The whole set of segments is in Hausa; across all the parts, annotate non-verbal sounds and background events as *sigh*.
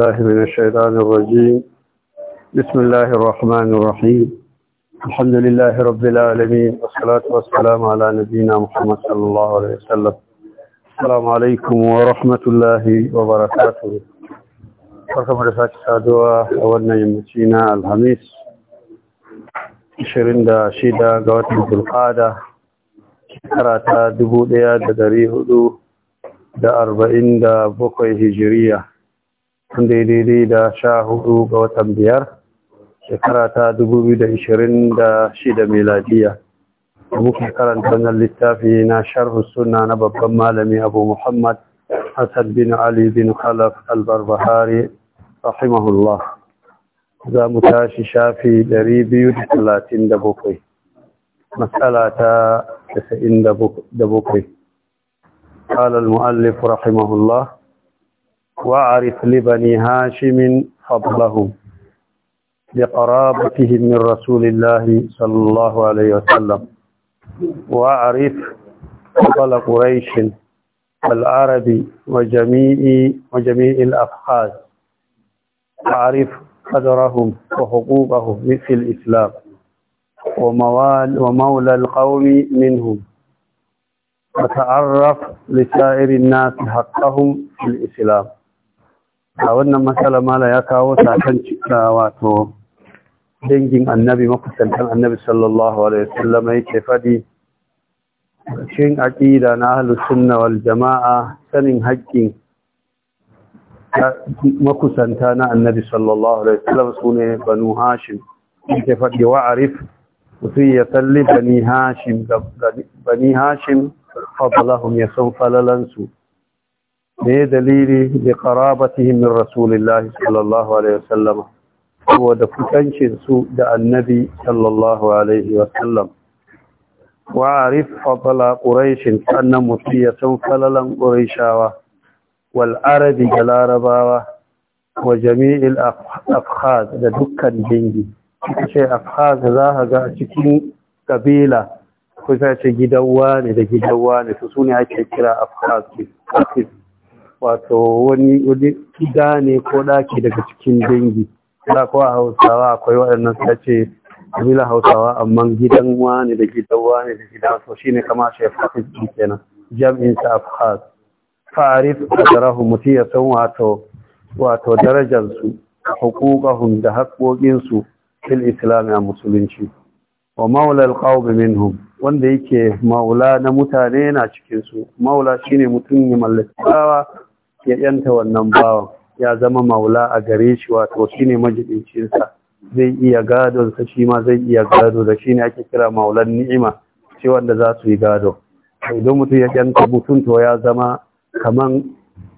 بالله من الشيطان الرجيم بسم الله الرحمن الرحيم الحمد لله رب العالمين والصلاة والسلام على نبينا محمد صلى الله عليه وسلم السلام عليكم ورحمة الله وبركاته barkamu أولنا sake saduwa شرندا شيدا yammaci na alhamis دبوديا ga watan دا أربعين دا بقي هجريه wanda daidai da sha hudu ga watan biyar shekara ta dubu biyu da ishirin da shida miladiya muke karanta wannan littafi na sharhu sunna na babban malami abu muhammad hassan bin ali bin khalaf albarbahari rahimahullah za mu tashi shafi dari biyu da talatin da bakwai matsala ta casa'in da bakwai قال المؤلف رحمه الله وأعرف لبني هاشم فضلهم لقرابته من رسول الله صلى الله عليه وسلم وأعرف فضل قريش والعرب وجميع وجميع الأفخاذ وأعرف قدرهم وحقوقهم في الإسلام وموال ومولى القوم منهم وتعرف لسائر الناس حقهم في الإسلام a wannan matsala mala ya kawo sakan cika wato dangin annabi makusantan annabi sallallahu alaihi wasallam yake fadi shin aqida na ahlus sunna wal jamaa sanin haƙƙin makusanta na annabi sallallahu alaihi wasallam sune banu hashim yake fadi wa arif mutum ya salli bani hashim bani hashim fadlahum ya falalansu ne dalili da qarabatihi min rasulullahi sallallahu alaihi wasallam saboda kusancin su da annabi sallallahu alaihi wasallam wa arif fadla quraish annan mutiyatun falalan quraishawa wal arabi da larabawa wa jami'il afkhaz da dukkan jingi ce afkhaz za haga ga cikin kabila kusa ce gidan wani da gidan wani su ne ake kira afkhaz wato wani gida ne ko ɗaki daga cikin dangi da kowa hausawa akwai waɗannan suka ce hausawa amma gidan wani da gidan wani da gidan so shine kama shi ya fafi kenan jam'in ta afhas a qadarahu mutum ya san wato wato darajar su da haƙoƙinsu fil islam ya musulunci wa maula alqawm minhum wanda yake maula na mutane na cikinsu. su maula shine mutum ya mallaki ya yanta wannan bawan ya zama maula a gare shi wato ne majidincinsa zai iya gadon da shi ma zai iya gado da shi ne ake kira maulan ni'ima ce wanda za su yi gado idan mutum ya yanta mutum to ya zama kaman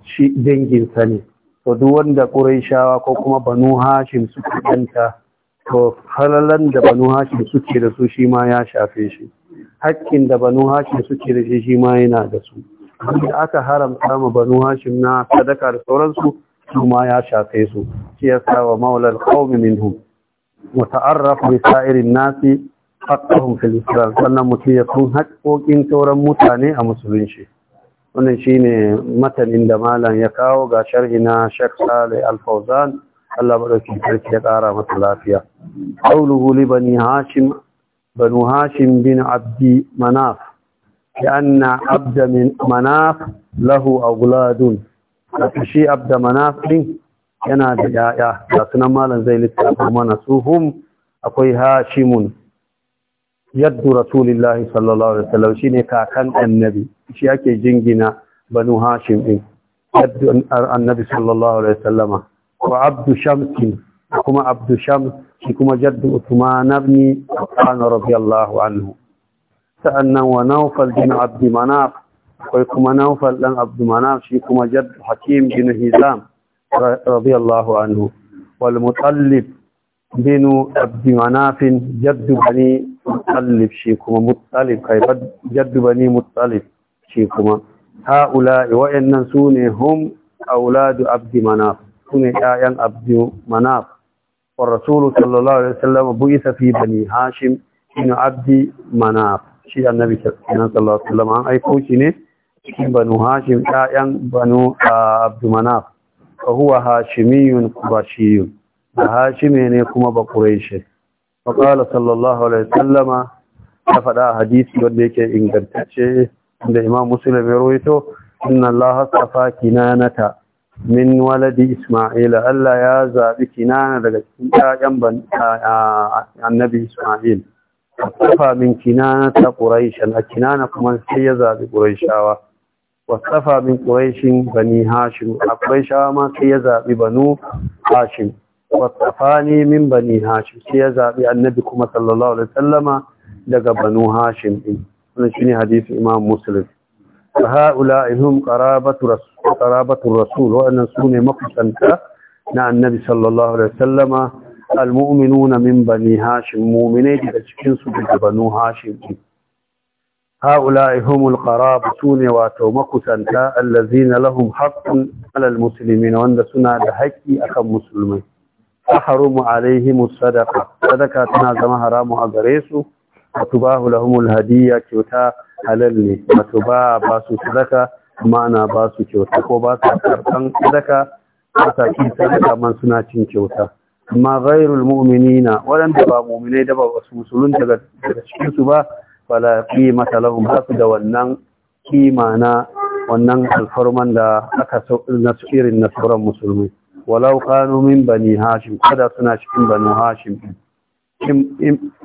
shi danginsa ne to duk wanda shawa ko kuma Banu Hashim suke yanta to halalan da Banu Hashim suke da su shi ma ya shafe shi hakkin da Banu Hashim suke da shi shi ma yana da su da aka haramta ma banu hashim na sadaka da sauransu su ma ya shafe su shi yasa wa maulal qaumi minhum wa ta'arraf bi sa'irin nasi haqqahum fil islam sannan mutum ya kun haƙoƙin sauran mutane a musulunci wannan shine matanin da malam ya kawo ga sharhi na Sheikh Saleh Al-Fauzan Allah madaukakin sarki ya kara masa lafiya qawluhu li bani hashim banu hashim bin abdi manaf لأن عبد من مناف له أولاد shi abda yana da yaya da malam zai littafa mana suhum akwai hashimun yaddu rasulillahi sallallahu alaihi wasallam shine kakan annabi shi ake jingina banu hashim din yaddu annabi sallallahu alaihi wasallama wa abdu shamsin kuma abdu shams shi kuma jaddu uthman ibn affan radiyallahu anhu sa'annan wa naufal bin abdi manaf akwai kuma naufal ɗan abdi manaf shi kuma jad hakim bin hizam radiyallahu anhu wal mutallib bin abdi manafin jaddu bani mutallib shi kuma mutallib kai jaddu bani mutallib shi kuma ha'ula wa'annan su ne hum auladu abdi manaf su ne 'ya'yan abdi manaf والرسول صلى الله عليه وسلم بعث في بني هاشم بن عبد مناف shi annabi kenan sallallahu alaihi wasallam an aiko shi ne cikin banu hashim ƴaƴan banu abdumanaf fa huwa hashimiyun qurashiyun da hashime ne kuma ba quraishi fa qala sallallahu alaihi wasallam ta faɗa hadisi wanda yake ingantacce da imam muslim ya rawaito inna Allah astafa kinanata min waladi isma'ila Allah ya zaɓi kinana daga cikin ƴaƴan annabi Isma'il wasafa min kinana ta ƙuraishan a kinana kuma sai ya zaɓi ƙuraishawa wasafa min ƙuraishin bani hashim a ƙuraishawa ma sai ya zaɓi banu hashim wasafa ne min bani hashim sai ya zaɓi annabi kuma sallallahu alaihi sallama daga banu hashim ɗin wannan shi ne hadisi imam muslim فهؤلاء هم قرابة رسول, قرابة الرسول وأن سوني مقصنك na annabi sallallahu alaihi sallama al na min bani hashim mu'minai daga cikinsu su daga banu hashim din haula'i humul qarab sune wato makusanta allazina lahum haqqun alal muslimin wanda suna da haƙƙi akan musulmai haramu alaihim sadaqa sadaka tana zama haramu a gare su atubahu lahumul hadiyya kyauta halal ne wato ba ba su sadaka amma ana ba su kyauta ko ba su karɓan sadaka a sadaka man suna cin kyauta amma ghairul mu'minina waɗanda ba mu'minai da ba su musulun daga cikin su ba fala qimata lahum su da wannan kima na wannan alfarman da aka na irin na sauran musulmi walau kanu min bani hashim kada suna cikin bani hashim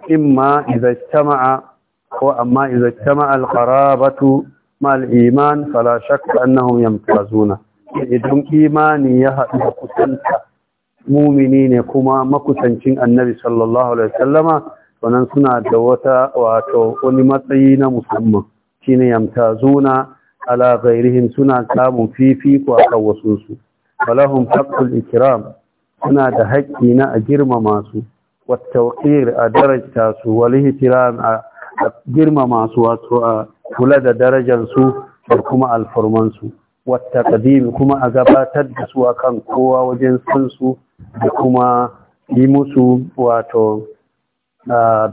imma idza istama'a ko amma idza istama'a al-qarabatu mal iman fala shakka annahum yamtazuna idan imani ya haɗu da kusanta mumini ne kuma makusancin annabi sallallahu alaihi sallama. wannan suna da wata wato wani matsayi na musamman shine yamtazuna ala ghairihim suna samun fifiko akan wasu su balahum ikram suna da haƙƙi na a girmama su والتوقير درجة والاهترام جرم da kuma alfarmansu. Wata سو kuma a gabatar da su a kan kowa wajen وجنسان su. da kuma yi musu wato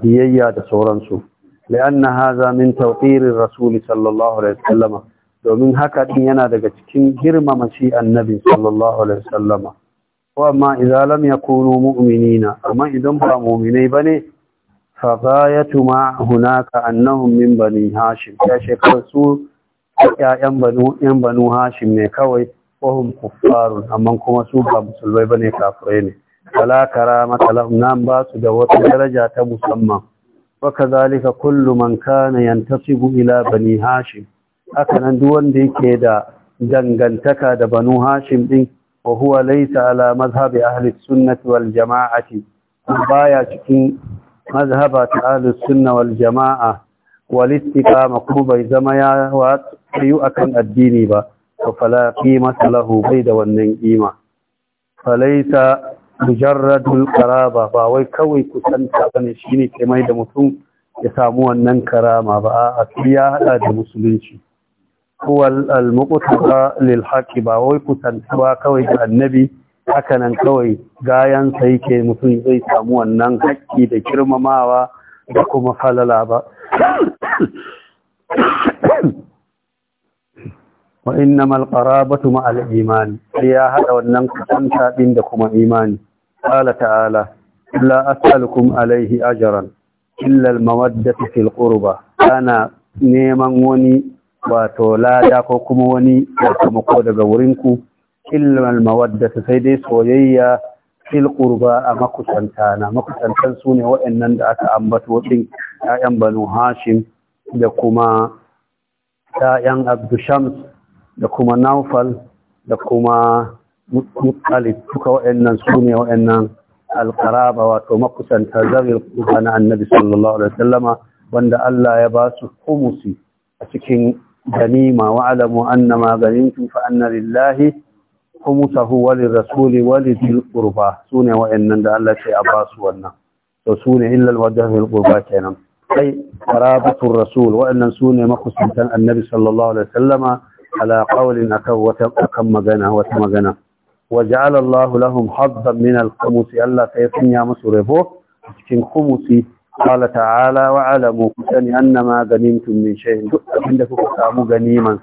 biyayya da sauransu li'anna haza min tawqirir rasul sallallahu alaihi wasallama domin haka din yana daga cikin girmama shi annabi sallallahu alaihi wasallama amma idza lam yakunu mu'minina amma idan ba mu'minai bane fa ghayatu ma hunaka annahum min bani hashim ya shekaru su ƴaƴan banu ƴan banu ne kawai wahum kuffarun amma kuma su ba musulmai bane kafirai ne wala karamata nan ba su da wata daraja ta musamman wa kadhalika kullu man kana yantasibu ila bani hashim haka nan duk wanda yake da dangantaka da banu hashim din wa huwa laysa ala mazhabi ahli sunnati wal jama'ati baya cikin mazhaba ta ahli sunna wal jama'a wal istiqama kuma bai zama ya wa akan addini ba to fala qimata lahu bai da wannan kima falaita mujarradul qaraba ba wai kawai kusanta bane shine ke mai da mutum ya samu wannan karama ba a ya hada da musulunci huwal al-muqtaba lil haqi ba wai kusanta ba kawai da annabi hakanan kawai gayan sai ke mutum zai samu wannan haƙƙi da girmamawa da kuma falala ba wa innamal qarabatu ma'al iman ya haɗa wannan kusanta din da kuma imani qala ta'ala la as'alukum alaihi ajran illa al mawaddatu fil ana neman wani wato lada ko kuma wani sakamako daga wurin ku. al mawaddatu sai dai soyayya fil qurba a makusanta na makusantan su ne waɗannan da aka ambato ɗin, 'ya'yan banu hashim da kuma ƴaƴan abdushams da kuma naufal da kuma muttalib duka waɗannan su ne waɗannan alƙaraba wato makusanta zarar kuka na annabi sallallahu alaihi sallama, wanda Allah ya ba su humusi a cikin ganima wa alamu annama ganimtum fa anna lillahi humusahu wa lirrasuli wa lidil qurba sune waɗannan da Allah ce a ba su wannan to sune illa alwajhul qurba kenan kai qarabatur rasul waɗannan sune makusantan annabi sallallahu alaihi sallama. ala qawlin akan wata akan magana wata magana waja'ala Allah lahum haddan min al-qumus Allah sai sanya musu rabo cikin khumusi qala ta'ala wa alamu kutani annama ganimtum min shay'in duk abinda kuka samu ganiman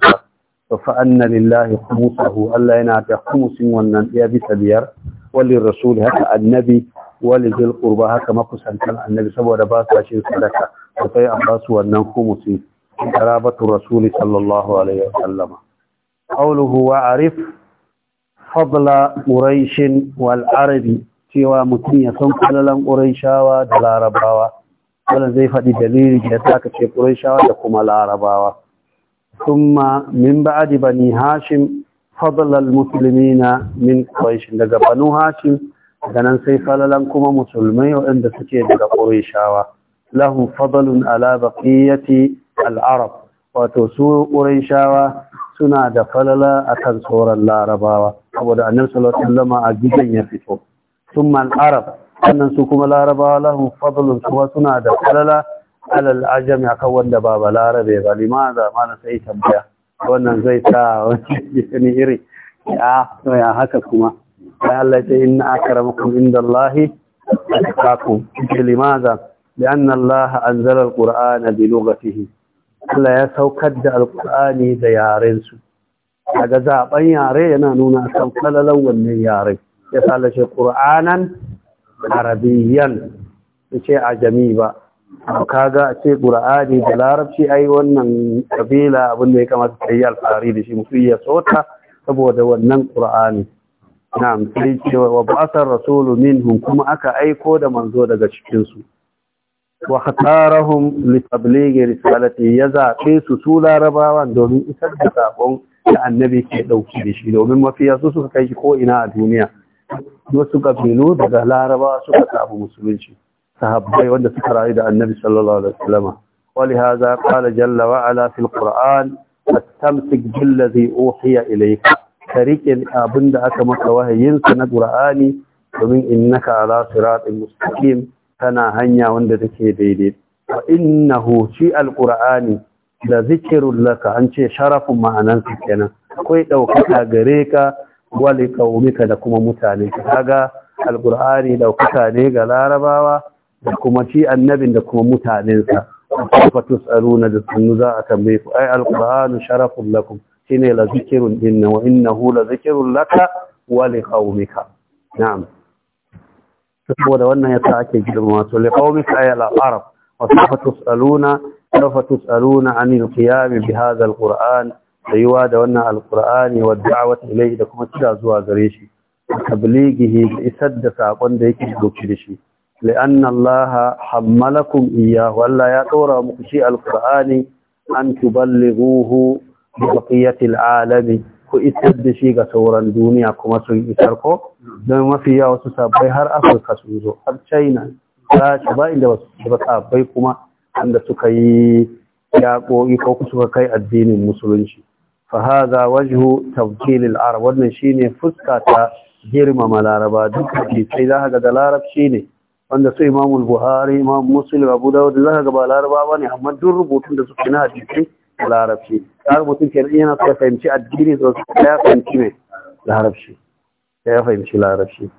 sa fa anna lillahi khumusahu Allah yana da khumusin wannan ya bisa biyar walil rasul haka annabi walil qurba haka makusantan annabi saboda ba su sadaka sai an ba su wannan kumusi. قرابة الرسول صلى الله عليه وسلم قوله وعرف فضل قريش cewa mutum ya san kwallon ƙuraishawa da larabawa wannan zai faɗi dalili da ya ka ce ƙuraishawa da kuma larabawa thumma min ba'di bani hashim fadl al-muslimina min quraish daga banu hashim ganan sai falalan kuma musulmai waɗanda suke daga ƙuraishawa lahu fadlun ala baqiyati al'arab wato su shawa suna da falala a kan sauran larabawa saboda annabi sallallahu lama a gidan ya fito thumma al'arab sannan su kuma larabawa lahum fadlun kuma suna da falala alal ajami akan wanda ba balarabe ba limaza mana sai tambaya wannan zai sa wani *laughs* iri ya to ya haka kuma sai Allah ya inna akramakum indallahi atqakum limaza لأن الله أنزل القرآن بلغته Allah ya saukar da alkur'ani da yarensu daga zaɓen yare yana nuna kan falalan wannan yare ya salashe ƙur'anan arabiyyan ya ce a jami ba kaga a ce ƙur'ani da larabci a yi wannan kabila abinda ya kamata ta yi alfahari da shi mutu ya sota saboda wannan ƙur'ani na amfani cewa wa ba'asar rasulu minhum kuma aka aiko da manzo daga cikinsu wa khatarahum li tablighi risalati ya zaɓe su su larabawan domin isar da sabon da annabi ke ɗauki da domin mafiya su suka kai shi ko ina a duniya wasu kabilu daga larabawa suka samu musulunci sahabbai wanda suka rayu da annabi sallallahu alaihi wasallam ولهذا قال جل وعلا في القرآن riƙe بالذي أوحي إليك شريك أبند أكمك وهيين سنة قرآني ومن إنك على صراط مستقيم tana hanya wanda take daidai wa innahu shi alqur'ani da zikirun laka an ce sharafin ma'anansa kenan akwai ɗaukaka gare ka wali ƙaunika da kuma mutane kaga alƙur'ani ɗaukaka ne ga larabawa da kuma shi annabin da kuma mutanensa kafa tus'aluna da sunnu za a tambaye ku ai alƙur'anu sharafun lakum shine la zikirun inna. wa innahu la zikirun laka wali ƙaunika na'am saboda wannan yasa ake girmama su liqaumi ayal arab wa sawfa tusaluna sawfa tusaluna anil qiyam bi hadha alquran tsayuwa da wannan alqur'ani wa da'wat ilayhi da kuma kira zuwa gare shi tablighihi da isar da sakon da yake dauke da shi ya الله muku إياه ولا an مكشي القرآن أن تبلغوه بقية 'alami ku isar da shi ga sauran duniya kuma sun isar ko don mafi yawa su sabbai har afirka sun zo har china su ba inda ba sabbai kuma inda suka yi yaƙoƙi ko suka kai addinin musulunci fahaza wajhu tabdilil arab wannan shine fuska ta girmama laraba duk da sai za ga da larabci ne wanda su imamul buhari imam muslim abu dawud za ga ba laraba ne. amma duk rubutun da suke na hadisi larabci har mutum ke yana na ya fahimci addini sosai ya fahimci ne larabci ya fahimci larabci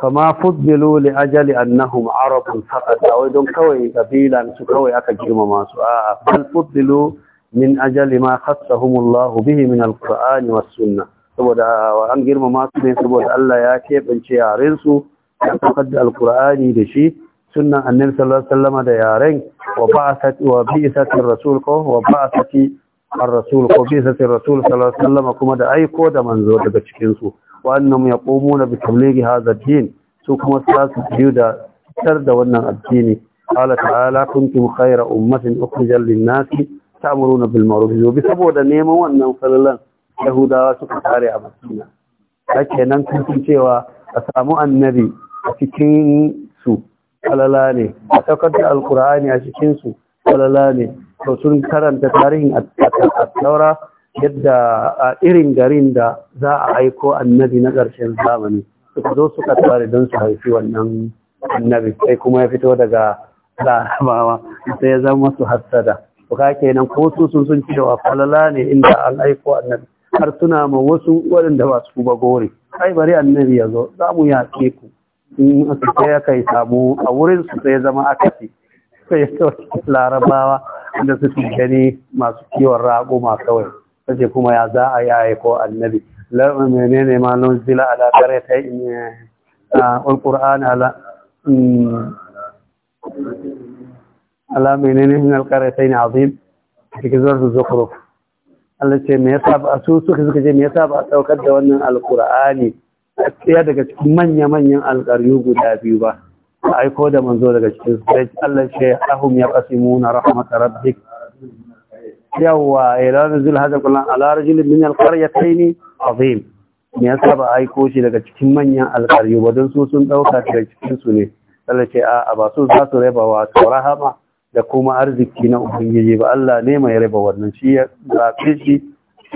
kama fuddilu li ajali annahum arabun faqat wai don kawai kabila su kawai aka girmama su a bal fuddilu min ajali ma khassahum Allah bihi min alqur'ani was sunnah saboda an girmama su ne saboda Allah ya kebance yaren su ya da alkur'ani da shi sunna annin sallallahu alaihi da yaren wa ba'athat wa rasul ko wa ba'athati ar-rasul ko bi'sat ar-rasul sallallahu alaihi kuma da aiko da manzo daga cikinsu. su wa annahum yaqumuna bi tablighi hadha din su kuma su biyu da tar da wannan addini qala ta'ala kuntum khayra ummatin ukhrijal lin-nasi ta'muruna bil ma'ruf wa bi saboda neman wannan sallallahu yahudawa suka kare a madina hake nan kun cewa a samu annabi a cikin falala ne a takarda alkur'ani a cikinsu falala ne to sun karanta tarihin a taura yadda a irin garin da za a aiko annabi na ƙarshen zamani su zo suka tare don su haifi wannan annabi sai kuma ya fito daga larabawa sai ya zama su hassada to ka kenan ko su sun sun cewa falala ne inda an aiko annabi har suna ma wasu waɗanda ba su ba gore ai bari annabi ya zo za mu yaƙe ku in sai aka yi samu a wurin su sai zama a kafi sai ta larabawa da su gani masu kiwon rago ma kawai sai kuma ya za a yaye ko annabi lamu menene ma nun zila ala kare ta eh, alquran ala hmm, ala ta yi alqaratayn azim cikin zuwa zukhruf Allah ce me yasa ba su suka suka ce me yasa ba saukar da wannan alƙur'ani? ɗaya daga cikin manya-manyan alƙaryu guda biyu ba a aiko da manzo daga cikin sai Allah ce ahum ya qasimu na rahmatar rabbik yawa eh, ilan zul hada kullan ala rajul min alqaryatayn azim me yasa ba aiko shi daga cikin manyan alƙaryu ba don su sun ɗauka daga cikin su ne Allah ce a ba su za su raba wa rahama da kuma arziki na ubangiji ba Allah ne mai raba wannan shi ya zafi shi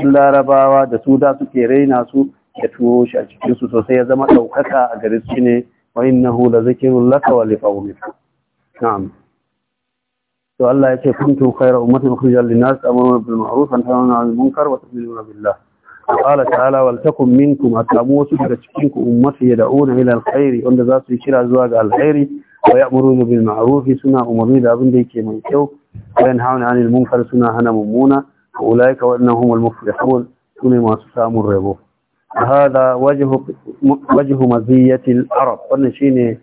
larabawa da su da suke raina su ya tuwo shi a cikinsu sosai ya zama ɗaukaka a gare su ne wa na hula zikin laka wa li na'am to Allah ya ce kun kuntum khayra ummatin ukhrijat lin-nas amrun bil ma'ruf wa nahyun 'anil munkar billa a ƙala ta ta'ala wal takum minkum atamu wasu daga cikin ku ya yad'una ila al alkhairi wanda za su yi kira zuwa ga alkhairi wa ya'muruna bil ma'ruf suna umarni da abin da yake mai kyau bayan yanhauna 'anil munkar suna hana mummuna ulaika humar mafi al Su ne masu samun rabo هذا وجه وجه مزية العرب wannan shine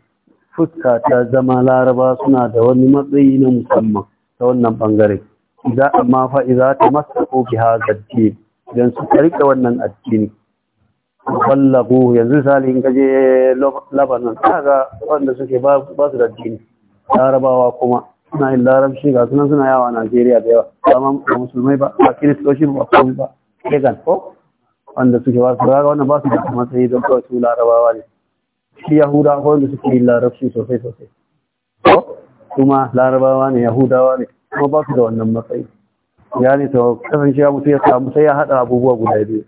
fuska ta zama laraba suna da wani matsayi na musamman ta wannan bangare idan amma fa idza tamassaku bi hadha ad-din idan su wannan addini wallagu yanzu sali in kaje Lebanon kaga wanda suke ba da addini larabawa kuma suna larabci ga sunan suna yawa Najeriya da yawa ba musulmai ba ba kiristoci ba ba ba wanda suke ba su raga wanda ba su da matsayi don kawai su larabawa ne shi yahuda ko wanda suke yi larabci sosai sosai ko kuma larabawa ne yahudawa ne kuma ba su da wannan matsayi ya ne to kasancewa mutu ya samu sai ya haɗa abubuwa guda biyu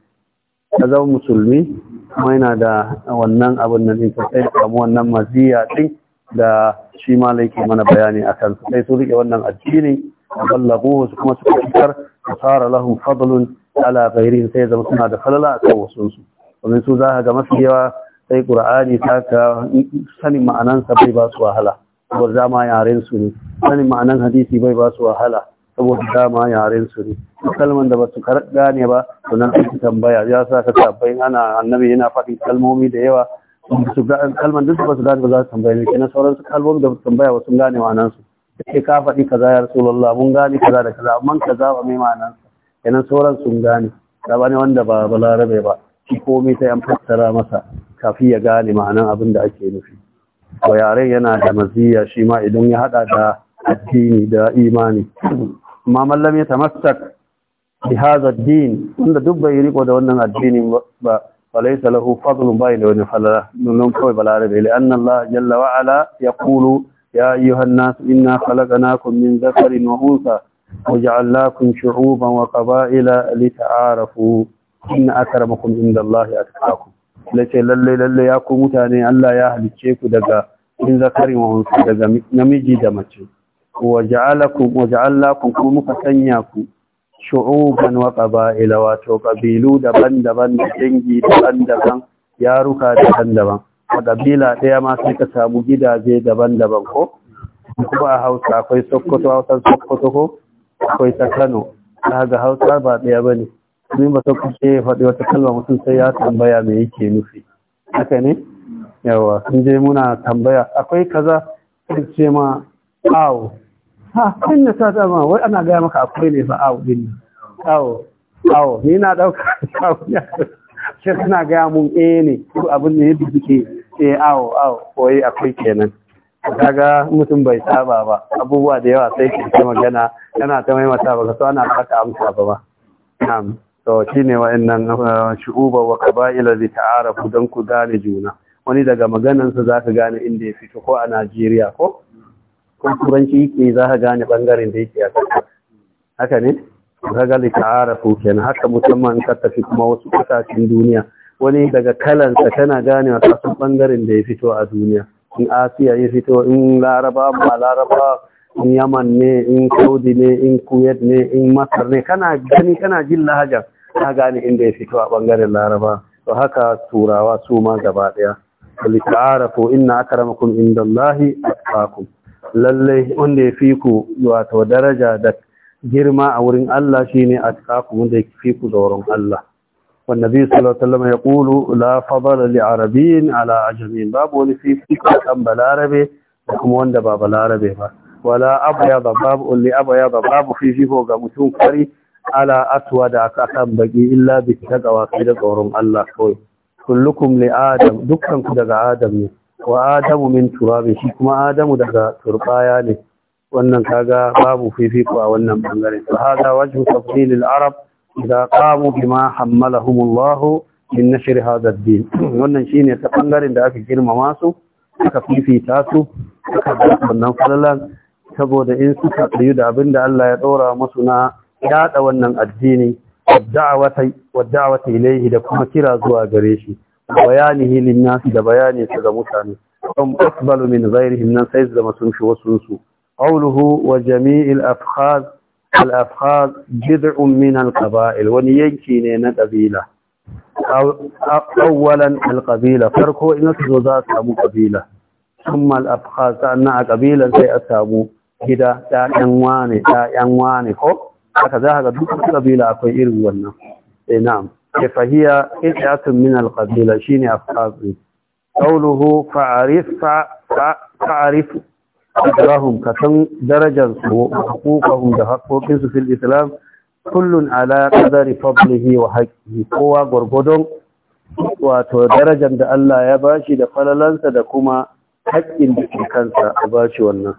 ya zama musulmi kuma yana da wannan abin nan in sosai da samu wannan maziya ɗin, da shi ma laiki mana bayani a kan sai su riƙe wannan addini ballaguhu kuma suka fitar tsara lahun fadlun ala ghairi sai zama suna da falala a kan wasu su domin su za ga masu yawa sai qur'ani ta ka sanin ma'anansa bai ba su wahala saboda dama yaren su ne sanin ma'anan hadisi bai ba su wahala saboda dama yaren su ne kalman da ba su gane ba sunan su tambaya ya sa ka tabbai ana annabi yana faɗin kalmomi da yawa kalman duk ba su gane ba za su tambaya ne kenan sauransu. kalmomi da ba su tambaya ba sun gane ma'anan su sai ka faɗi kaza ya rasulullah mun gane kaza da kaza amma kaza ba mai ma'anan kenan sauran sun gane sabani wanda ba balarabe ba shi komai ta an fassara masa kafin ya gane ma'anan abin da ake nufi to yaren yana da maziya shi ma idan ya hada da addini da imani amma mallam ya tamassak bi hadha din wanda duk bai riko da wannan addini ba falaysa lahu fadlun bai da wani falala nun kawai balarabe li'anna Allah jalla wa ala yaqulu ya ayyuhan nas inna khalaqnakum min dhakarin wa unsa وجعلناكم شعوبا وقبائل لتعارفوا إن أكرمكم عند الله أتقاكم lace lalle lalle ya ku mutane Allah ya halicce ku daga in zakarin wa hunsu daga namiji da mace wa ja'alakum wa kuma muka sanya ku shu'uban wa qaba'ila wato kabilu daban-daban da daban-daban yaruka daban-daban a kabila ɗaya ma sai ka samu gidaje daban-daban ko kuma a Hausa akwai Sokoto Hausa Sokoto ko akwai ta kano ta ga hausa ba ɗaya ba ne Ni ba sau kuke faɗi wata kalma mutum sai ya tambaya me yake nufi haka ne yawa sun je muna tambaya akwai kaza sai ce ma awo ha kin na sa ma. wai ana gaya maka akwai ne fa awo din awo awo ni na dauka *laughs* awo ya sai suna gaya mun eh ne ko abin ne yadda suke eh awo awo koyi akwai kenan kaga mutum bai saba ba abubuwa da yawa sai ke ta magana yana ta mata ba so ana baka amsa ba ba na'am to shine wa'annan uh, shu'uba wa qaba'ila zai ta'arafu dan ku gane juna wani daga maganansa za ka gane inda ya fito ko a Najeriya ko ko turanci yake za ka gane bangaren da yake a kasar haka ne kaga li ta'arafu kenan haka musamman ka tafi kuma wasu kasashen duniya wani daga kalansa kana gane wasu bangaren da ya fito a duniya in asiya ya fito in laraba ba laraba in yaman ne in saudi ne in kuwait ne in masar ne kana gani kana jin lahajar ka gane inda ya fito a bangaren laraba to haka turawa su ma gaba daya inna akramakum indallahi atqakum lalle wanda ya fi ku wato daraja da girma a wurin Allah shine atqakum wanda ya fi ku Allah والنبي صلى الله عليه وسلم يقول لا فضل لعربين على عجمين باب ولي في فكرة أم بالعربي لكم وند باب العربي ولا أبيض باب اللي أبيض باب في جيبه قمتون كري على أسود أكاكم بقي إلا بالتقوى كده قورم الله كوي كلكم لآدم دكتن كده آدم وآدم من ترابي شكما آدم kuma ترقاياني daga كاقا باب في فكرة babu بانغري فهذا وجه تفضيل العرب idza kamu bima hammalahum Allah min nashr hadha ad-din wannan shine ta bangaren da aka girmama su aka fifita su aka wannan falalan saboda in su ka tsayu da abinda Allah ya ɗora musu na yaɗa wannan addini Wa da'awati ilaihi da kuma kira zuwa gare shi bayanihi nas da bayani su ga mutane kam asbalu min ghairihim nan sai zama sun shi wasu su qawluhu wa jami'il afkhaz al'afhar bid'un min al-qaba'il wani yanki ne na ƙabila awwalan al-qabila farko in su zo za a samu ƙabila amma al-afhar sannan a ƙabilan sai a samu gida ɗayan wane ɗayan wane ko haka za ga ƙabila akwai irin wannan eh na'am ya fahiya qit'atun min al-qabila shine afhar qawluhu fa'arif fa'arif ajrahum ka darajar hukukahum da haƙoƙin su islam kullun ala qadari fadlihi wa haqqihi kowa gurgudun wato darajar da Allah ya bashi da falalansa da kuma haƙƙin da kansa a bashi wannan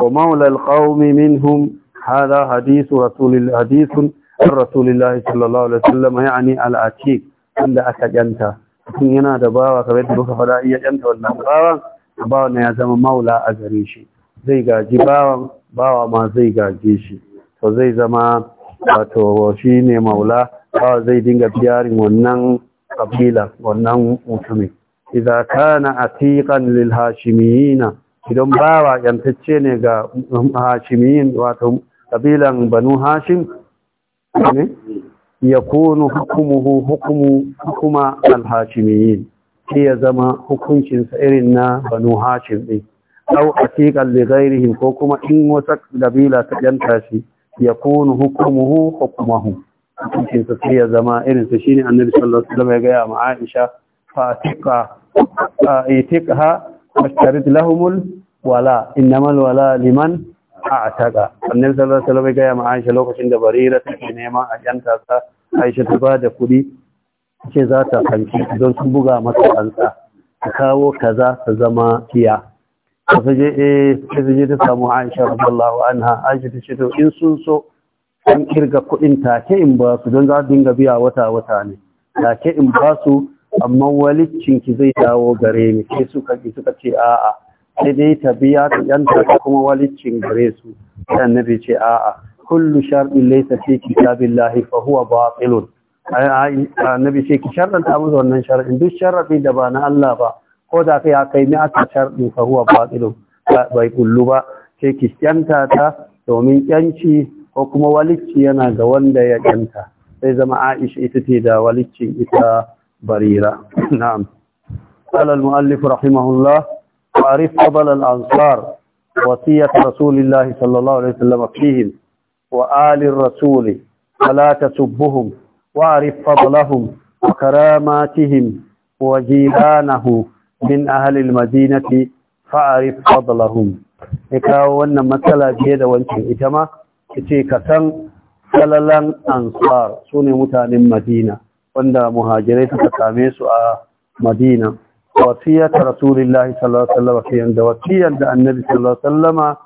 wa maula alqaumi minhum hada hadithu rasulil hadithun rasulillahi sallallahu alaihi wasallam yani al atiq inda aka janta kun yana da bawa kamar da muka faɗa iya ƙyanta wannan bawa bawa ne ya zama maula a gare shi zai gaji bawa ma zai gaje shi to zai zama wato shi ne maula bawa zai dinga biyarin wannan kabila wannan mutumin na kana atiqan lil hashimiyina idan bawa yantacce ne ga hashimiyin wato kabilan banu hashim ne yakunu hukumuhu hukumu hukuma al hashimiyin sai ya zama hukuncinsa irin na banu hashim din au atiqan li ghairihi ko kuma in wata kabila ta yanta shi yakunu hukmuhu hukmuhu cikin sa sai ya zama irin sa shine annabi sallallahu alaihi wasallam ya gaya ma Aisha fa atiqa atiqha washtarid lahumul wala innamal wala liman a'taqa annabi sallallahu alaihi wasallam ya gaya ma Aisha lokacin da barira take nema a yanta sa Aisha ta ba da kuɗi ce za ta fanki don sun buga masa kansa ka kawo kaza ta zama kiya su je eh sai je ta samu Aisha radiyallahu anha Aisha ta ce to in sun so an kirga kuɗin take in ba su don za su dinga biya wata wata ne take in ba su amma walicin ki zai dawo gare ni sai suka ki suka ce a'a sai dai ta biya ta yanta kuma walicin gare su annabi ce a'a kullu shar'in laysa fi kitabillahi fa huwa batilun annabi ce ki shar'anta musu wannan shar'in duk shar'i da ba na Allah ba ko da kai ya kai mi'ata ɗin ka huwa batilun bai kullu ba sai ki ta domin yanci ko kuma walicci yana ga wanda ya kyanta sai zama Aisha ita ce da walicci ita barira *clears throat* na'am قال المؤلف رحمه الله وعرف فضل الأنصار وصية رسول الله صلى الله عليه وسلم فيهم وآل الرسول فلا تسبهم وعرف فضلهم وكراماتهم وجيرانه min ahalil madinati fa'arif fadlahum ya kawo wannan matsala biye da wancan ita ma ce ka san salalan ansar su ne mutanen madina wanda muhajirai suka same su a madina wasiyar rasulullahi sallallahu alaihi wasallam da wasiyar da annabi sallallahu alaihi wasallama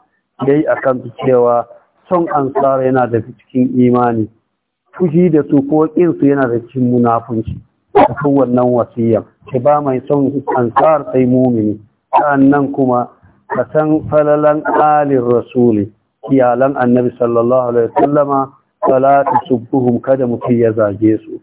yayi akan cewa son ansar yana da cikin imani fushi da su ko kin su yana da cikin munafunci kafin wannan wasiyar ki ba mai son ansar sai mumini sannan kuma ka san falalan alin rasuli iyalan annabi sallallahu alaihi sallama. fala tusubbuhum kada mutum ya zage su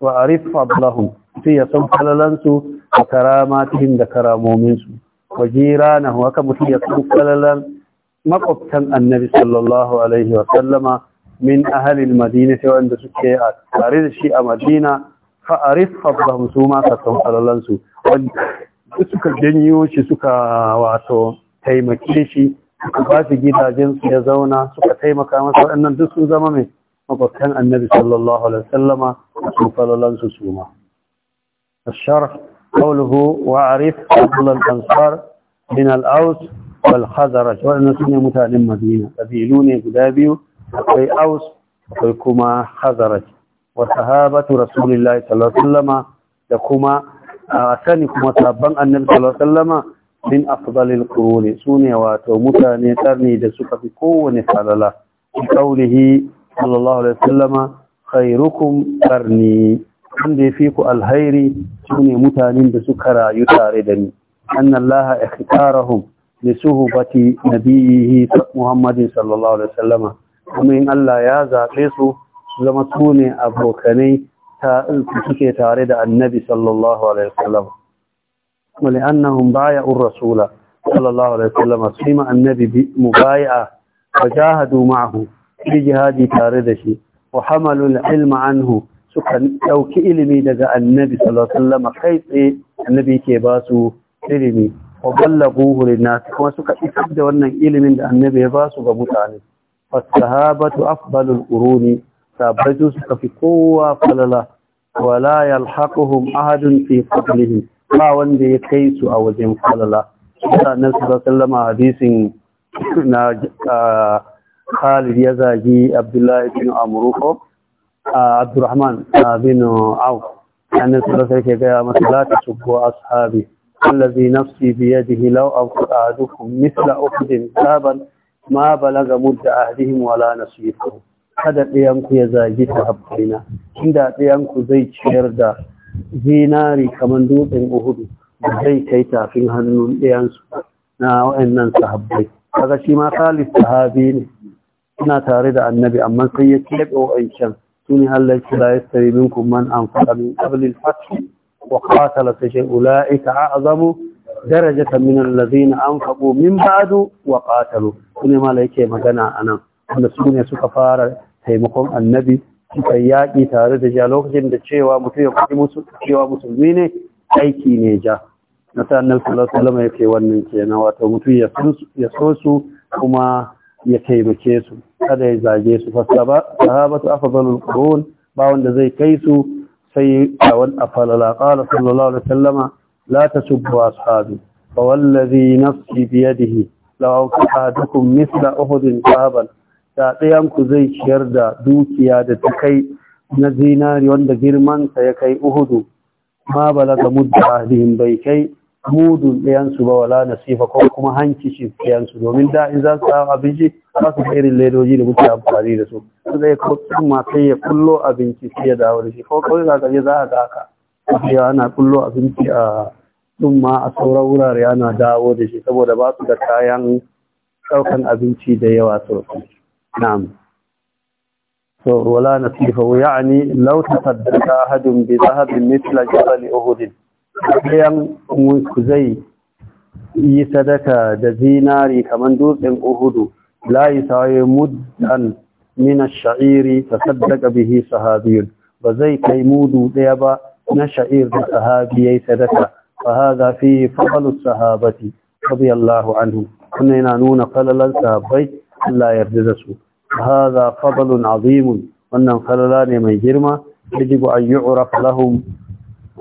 wa arif fadlahum sai ya san falalan su da da karamominsu. su wa jiranahu haka mutum ya san falalan makwabtan annabi sallallahu alaihi sallama. min ahalin madina sai wanda suke a tare da shi a madina ka a rifar su ma ka san falalansu wadda janyo shi suka wato taimake shi suka ba su gidajensu ya zauna suka taimaka masa wannan duk sun zama mai mabakan annabi sallallahu alaihi sallama a su falalansu su ma ashar kawulhu wa a rifar da ansar min al'aus wal hazara shi waɗannan su mutanen madina ƙabilu ne guda biyu akwai aus akwai kuma hazara wa sahabatu rasulillahi sallallahu alaihi wasallama da kuma sani kuma sabban annabi sallallahu alaihi wasallama min afdalil quruni sune wato mutane karni da suka fi kowane falala kaulihi sallallahu alaihi wasallama khairukum karni ku alhairi sune mutanen da suka rayu tare da ni anna allah ikhtarahum li suhbati nabiyhi muhammadin sallallahu alaihi kuma in allah ya zabe su su zama su ne abokanai ta suke tare da annabi sallallahu alaihi wasallam wani annahun baya un rasula sallallahu alaihi wasallam su yi ma annabi mu baya wa jahadu ma'ahu shi jihadi tare da shi wa hamalul ilma anhu suka ɗauki ilimi daga annabi sallallahu alaihi wasallam kai tsaye annabi ke ba su ilimi wa ballaguhu linnas kuma suka isar da wannan ilimin da annabi ya ba su ga mutane fasahabatu afdalul quruni sabai suka fi kowa falala wala yalhaquhum ahadun fi fadlihi ba wanda ya kai su a wajen falala sannan hadisin Khalid ya zagi Abdullahi bin Amruko gaya ashabi الذي نفسي بيده لو أنفق مثل أحد ثابا ما بلغ مد أهلهم ولا kada ɗayanku ya zagi sahabbaina inda ɗayanku zai ciyar da zinari kamar dutsen uhudu da zai kai tafin hannun ɗayansu na wa'annan sahabbai kaga shi ma salis sahabi ne ina tare da annabi amma sai ya keɓe wa'ancan su ne allah ya kira ya tsari minkum man an faɗa min ƙablil fatih wa qatala sai shay ulaika a'zamu darajatan min allazina anfaqu min ba'du wa qatalu kuma yake magana anan wanda su ne suka fara taimakon annabi suka yaƙi tare da ja lokacin da cewa mutum ya kwaɗi musu cewa musulmi ne aiki ne ja na sa annabi sallallahu alaihi wasallam yake wannan kenan wato mutum ya so su kuma ya taimake su kada ya zage su fasaba sahabatu afdalul qurun ba wanda zai kai su sai a wani afalala qala sallallahu alaihi wasallam la tasubbu ashabi fa wallazi nafsi biyadihi law awqa ahadukum mithla uhudin sahaban da ku zai ciyar da dukiya da ta kai na zinari wanda girmansa ya kai uhudu ma balaga mudda bai kai mudun ɗayansu ba wala nasifa ko kuma hanci shi ɗayansu domin da in za su samu abinci ba su da irin ledoji da muke amfani da su su zai kuma sai ya kullo abinci sai ya dawo da shi ko kawai za ka za a ga haka ya ana kullo abinci a ɗin ma a sauran wurare ana dawo da shi saboda ba su da kayan ɗaukan abinci da yawa sosai نعم ولا نصيفه يعني لو تصدق أحد بذهب مثل جبل أهد ɗayan ku zai yi sadaka da zinari kamar dutsen uhudu la yi sawaye muddan mina sha'iri ta saddaka bihi sahabiyun ba zai kai mudu ɗaya ba na sha'ir da sahabi ya yi sadaka fa haza fi fa'alu sahabati radiyallahu anhu wannan yana nuna falalar sahabbai Allah ya yarda da su hadha fadlun azim wannan falala ne mai girma yajibu an yu'raf lahum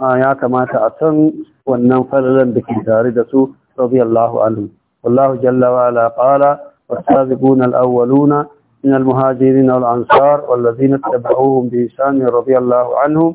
ah, ya kamata a san wannan falalan da ke tare da su radiyallahu anhu wallahu jalla wa ala qala والسابقون الأولون من المهاجرين والأنصار والذين اتبعوهم بإحسان رضي الله عنهم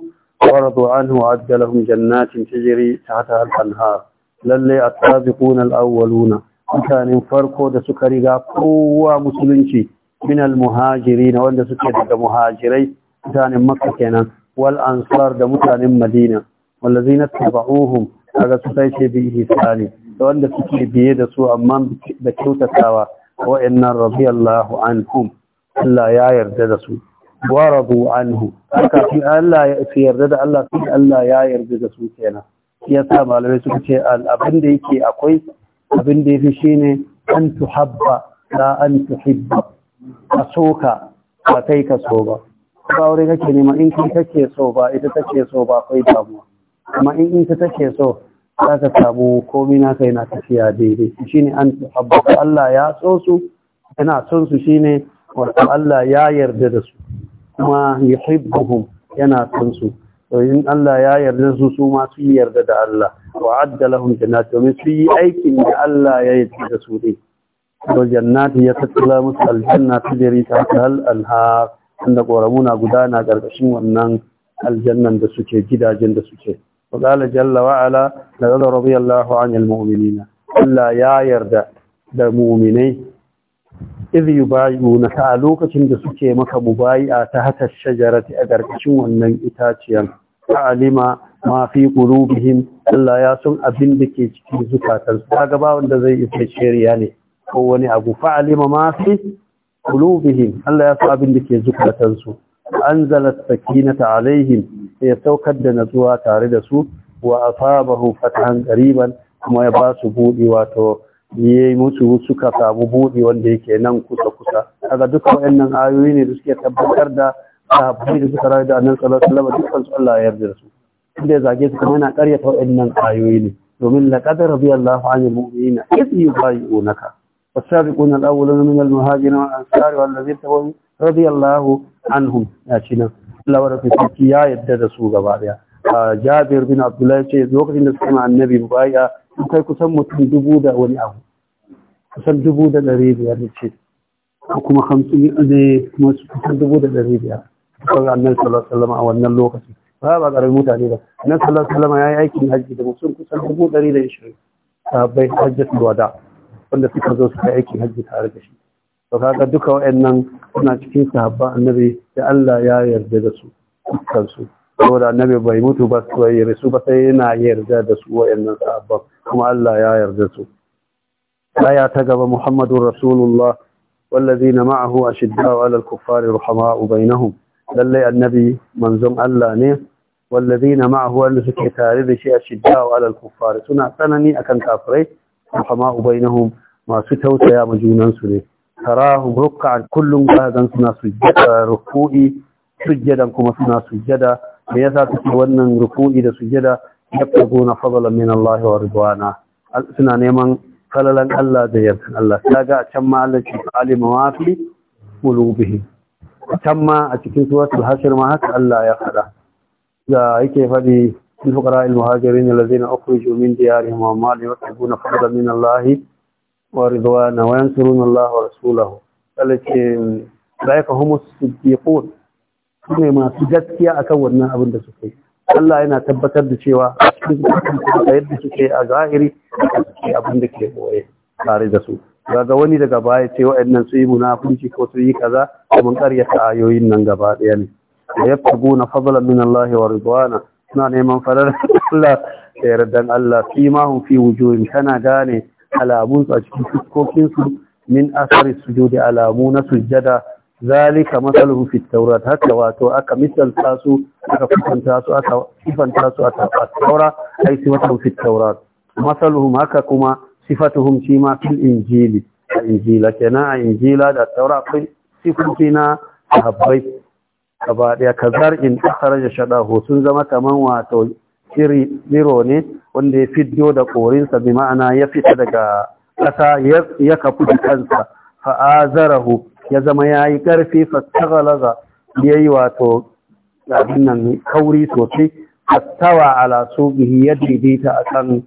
ورضوا عنه وعد لهم جنات تجري تحتها الأنهار للي السابقون الأولون mutanen farko da suka riga kowa musulunci min al-muhajiri na wanda suke daga muhajirai mutanen makka kenan wal ansar da mutanen madina wallazina tabauhum daga su sai ce bi da wanda suke biye da su amma da kyautatawa wa'annan radiyallahu anhum Allah ya yarda da su wa rabu anhu kafin Allah ya yarda da Allah sai Allah ya yarda da su kenan yasa malamai suka ce al abin da yake akwai abin da yafi shine an tuhabba la an tuhibba a soka ba kai ka so ba ba aure kake nema in kai kake so ba ita take so ba akwai damuwa amma in ita take so za ka samu komai na kai na tafiya daidai shine an tuhabba Allah ya so su yana son su shine wato Allah ya yarda da su kuma yuhibbuhum yana son su to in Allah ya yarda su su ma su yarda da Allah wa adda lahum domin su yi aikin da Allah ya yi da su ne to jannati ya tattala musu aljanna ta jari ta hal anhar inda na gudana ƙarƙashin wannan aljannan da suke gidajen da suke wa qala jalla wa ala laqad radiyallahu anil mu'minina Allah ya yarda da mu'minai idh yubayuna a lokacin da suke maka mubayi'a ta haka shajarati a ƙarƙashin wannan itaciyan alima Mafi fi qulubihim Allah ya san abin da ke cikin zukatansu kaga ba wanda zai isa shari'a ne ko wani abu fa alima ma fi Allah ya san abin da ke zukatansu anzalat sakinata alaihim ya saukar da natsuwa tare da su wa asabahu fatahan qariban kuma ya ba su buɗi wato yi musu suka samu buɗi wanda yake nan kusa kusa daga duka wayannan ayoyi ne da suke tabbatar da sahabbai da suka rayu da annabi sallallahu alaihi wasallam dukkan su Allah ya yarda da su inda ya zage su kuma yana karyata waɗannan ayoyi ne domin laqad radiyallahu anil mu'minina idh yubayyi'unaka والسابقون الأولون من المهاجرين والأنصار ya ci nan lawar da يا شيخنا الله ورسول يا يد رسول غباريا Jabir bin Abdullahi ce lokacin da suka annabi baya kai kusan mutum dubu da wani abu kusan dubu da ɗari biyar da ce kuma hamsin ne kuma kusan dubu da ɗari biyar kusan annabi sallallahu alaihi wasallam a wannan lokacin ba ba ƙarar mutane ba nan Sallar alaihi ya yi aikin hajji da mutum kusan dubu ɗari da ishirin sahabbai hajjatul wada wanda suka zo suka aikin hajji tare da shi to kaga duka waɗannan suna cikin sahabba annabi da Allah ya yarda da su dukkan su saboda annabi bai mutu ba su bai su ba sai yana yarda da su waɗannan sahabban kuma Allah ya yarda su aya ta gaba Muhammadur Rasulullah والذين معه أشداء على الكفار رحماء بينهم lallai annabi manzon Allah ne والذين معه وأن سكي تارد شيء الشداء على الكفار سنة سنني أكن كافري رحماء بينهم ما ستوت يا مجونا سنة تراهم ركعا كل قادا سنة سجدا ركوعي سجدا كما سنة سجدا ليسا تتولنا ركوعي دا سجدا يبتغون فضلا من الله ورضوانا سنة نيمان falalan Allah da yardan Allah ta ga a can ma Allah ce alima ma fi qulubihim can ma a cikin suratul hashr ma haka Allah ya faɗa da yake faɗi الفقراء المهاجرين الذين أخرجوا من ديارهم وأموالهم يطلبون فضلا من الله ورضوانا وينصرون الله ورسوله التي ذلك هم الصديقون ne masu gaskiya akan kan wannan abin da suke Allah yana tabbatar da cewa da yadda suke a zahiri suke abin da ke boye tare da su daga wani daga baya ce wa'annan su yi munafurci ko su yi kaza da mun karyata ayoyin nan gaba ɗaya ne yabtaguna fadlan min Allah wa ridwana suna neman farar Allah da yardan Allah fi ma hum fi wujuhim kana gane alamun a cikin fuskokin su min asari sujudi alamu na sujjada zalika masalhu, fi tawrat haka wato aka misalta su aka kusanta su aka sifanta su a tawra ai sifatuhum fi tawrat masaluhum haka kuma sifatuhum shi ma fil injili a injila kenan a injila da tawra akwai sifofi na sahabbai gaba daya kazar in da shaɗa, sun zama kaman wato iri biro ne wanda ya fiddo da ƙorinsa, bi ma'ana ya fita daga kasa ya kafu da kansa fa azarahu ya zama yayi karfi fa ya yayi wato abin nan kauri sosai hattawa ala subihi ya a akan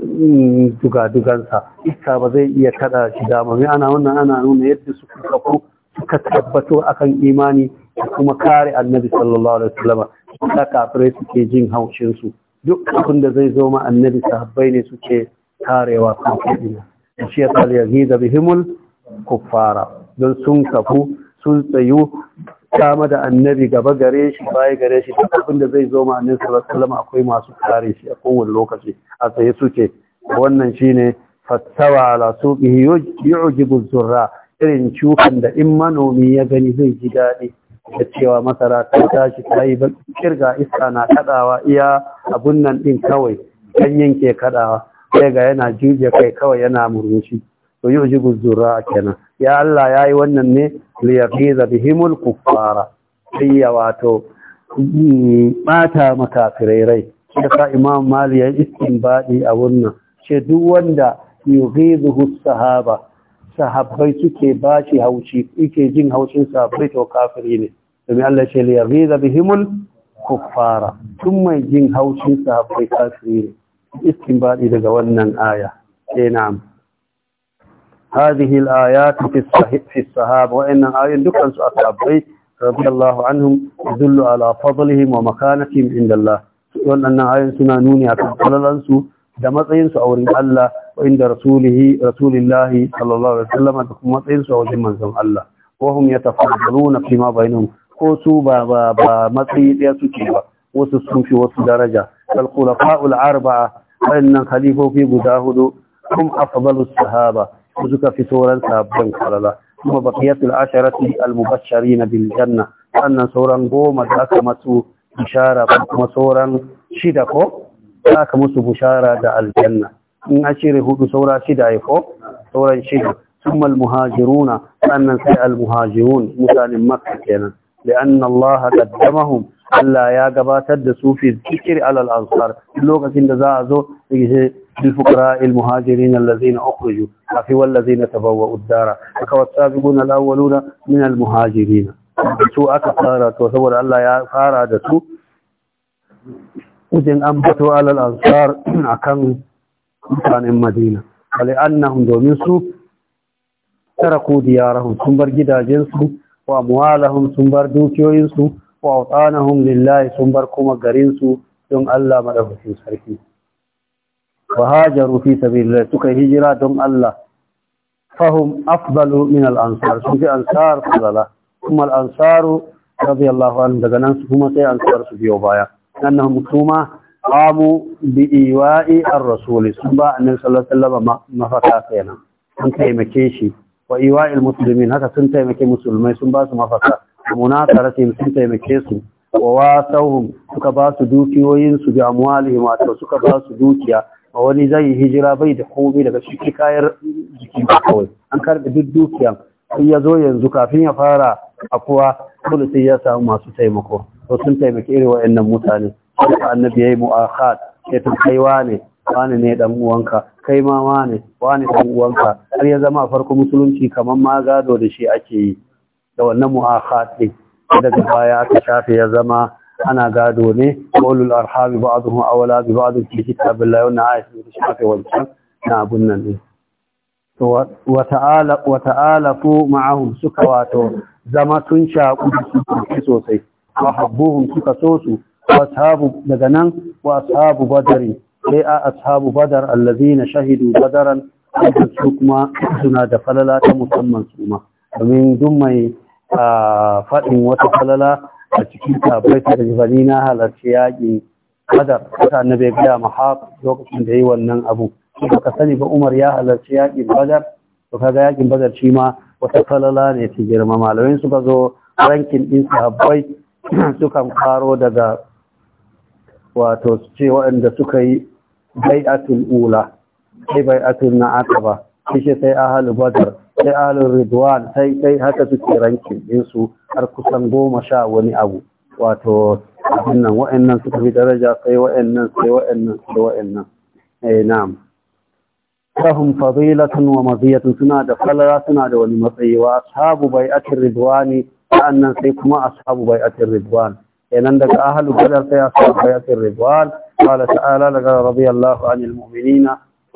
mm, dugadugansa iska ba zai iya kada shi dama mai ana wannan ana nuna yadda su kuka suka tabbato akan imani da kuma kare annabi sallallahu alaihi wasallam da kafirai suke jin haushinsu. duk kafin da zai zo ma annabi sahabbai ne suke karewa kan kudina shi ya tsali ya giza bihimul kuffara don sun kafu sun tsayu kama da annabi gaba gare shi baya gare shi duk abin da zai zo ma annabi akwai masu kare shi a kowane lokaci a tsaye suke wannan shine fastawa ala suqihi yu'jibu zurra irin cukan da in manomi ya gani zai ji daɗi da cewa masara ta tashi ta yi kirga iska na kaɗawa iya abun nan ɗin kawai Ɗan yanke kaɗawa sai ga yana juje kai kawai yana murmushi to yi ji guzzura kenan ya Allah ya yi wannan ne da bihimul kufara sai ya wato mata mm, makafirai rai shi imam mali ya baɗi a wannan ce duk wanda yughizuhu sahaba sahabbai suke bashi haushi suke jin haushin sahabbai to kafiri ne domin Allah ce li yaghiza bihimul kuffara tun mai jin haushin sahabbai kafiri ne istinbadi daga wannan aya sai eh, na'am هذه الآيات في الصحيح في الصحابة وإن آية دكان سأصحابي رضي الله عنهم يدل على فضلهم ومكانتهم عند الله وأن آية سنانوني أكبر لنسو دمطين سأوري الله inda rasulihi rasulillahi sallallahu alaihi wasallam da kuma matsayin su a wajen manzon Allah wa hum yatafaddaluna fi ma bainahum ko su ba ba ba matsayi daya suke ba wasu sun fi wasu daraja al khulafa'ul arba'a wannan khalifofi guda hudu kum afdalus sahaba suka fi sauran sabbin kalala kuma baqiyatul asharati al mubashshirin bil janna wannan sauran goma da aka masu bishara kuma sauran shida ko aka musu bishara da aljanna in a ashirin hudu saura shida ya ko sauran shida sun muhajiruna sannan sai al muhajirun mutanen makka kenan da an allaha kaddama allah ya gabatar da sufi zikir alal ansar lokacin da za a zo بالفقراء المهاجرين الذين أخرجوا أفي والذين تبوأوا الدار أكوى Su aka من المهاجرين سوء أكثارة وثور الله يا فارادة وزن أنبتوا alal ansar akan. mutanen madina wale annahun domin su taraku diyarahum sun bar gidajensu wa amwalahum sun bar dukiyoyinsu wa awtanahum lillahi sun bar kuma garinsu don Allah madaukakin sarki wa hajaru fi sabilillah suka hijira don Allah fahum afdalu min al-ansar sun fi ansar falala kuma al-ansaru radiyallahu anhu daga nan su kuma sai ansar su biyo baya annahum kuma babu bi iwa'i ar-rasul sun ba annabi sallallahu alaihi wasallam mafaka kenan sun taimake shi wa iwa'il muslimin haka sun taimake musulmai sun ba su mafaka munakaratihim sun taimake su wa wasauhum suka ba su dukiyoyin su bi amwalihim suka ba su dukiya a wani zai hijira bai da komai daga shi kayar jiki kawai an karɓi duk dukiya sai ya zo yanzu kafin ya fara akuwa dole sai ya samu masu taimako to sun taimaki irin wa'annan mutane sai annabi yayi mu'akhat ya ta kaiwa ne wani ne dan uwanka kai ma wani wani dan uwanka har ya zama farko musulunci kamar ma gado da shi ake yi da wannan mu'akhat din daga baya aka shafe ya zama ana gado ne qulul arhami ba'dhum awla bi ba'd fi kitabillahi wannan ayatin da shafe wancan na abun nan din to wa ta'ala wa fu ma'ahum suka wato zama tun shaku sosai wa habbuhum suka so su ashabu daga nan wa ashabu badari sai a ashabu badar allazina shahidu badaran su kuma suna da falala ta musamman suma. Amin domin duk mai faɗin wata falala a cikin tabai ta gani na halarci yaƙi badar wata annabi ya gaya mahab lokacin da yi wannan abu ka sani ba umar ya halarci yaƙin badar to kaga yaƙin badar shi ma wata falala ne ta girma malamai suka zo rankin ɗin sahabbai sukan faro daga wato su ce waɗanda suka yi bai'atul ula sai bai'atul na akaba kishe sai ahalu badar sai ahalu ridwan sai sai haka suke rankin ɗinsu har kusan goma sha wani abu wato abin nan wa'annan suka fi daraja sai waɗannan sai waɗannan sai waɗannan. eh na'am lahum fadilatun wa maziyatun suna da falala suna da wani matsayi wa ashabu bai'atul ridwani annan sai kuma ashabu bai'atul ridwan kenan daga ahalu badar sai aka bayatin ridwan qala ta'ala daga radiyallahu anil mu'minina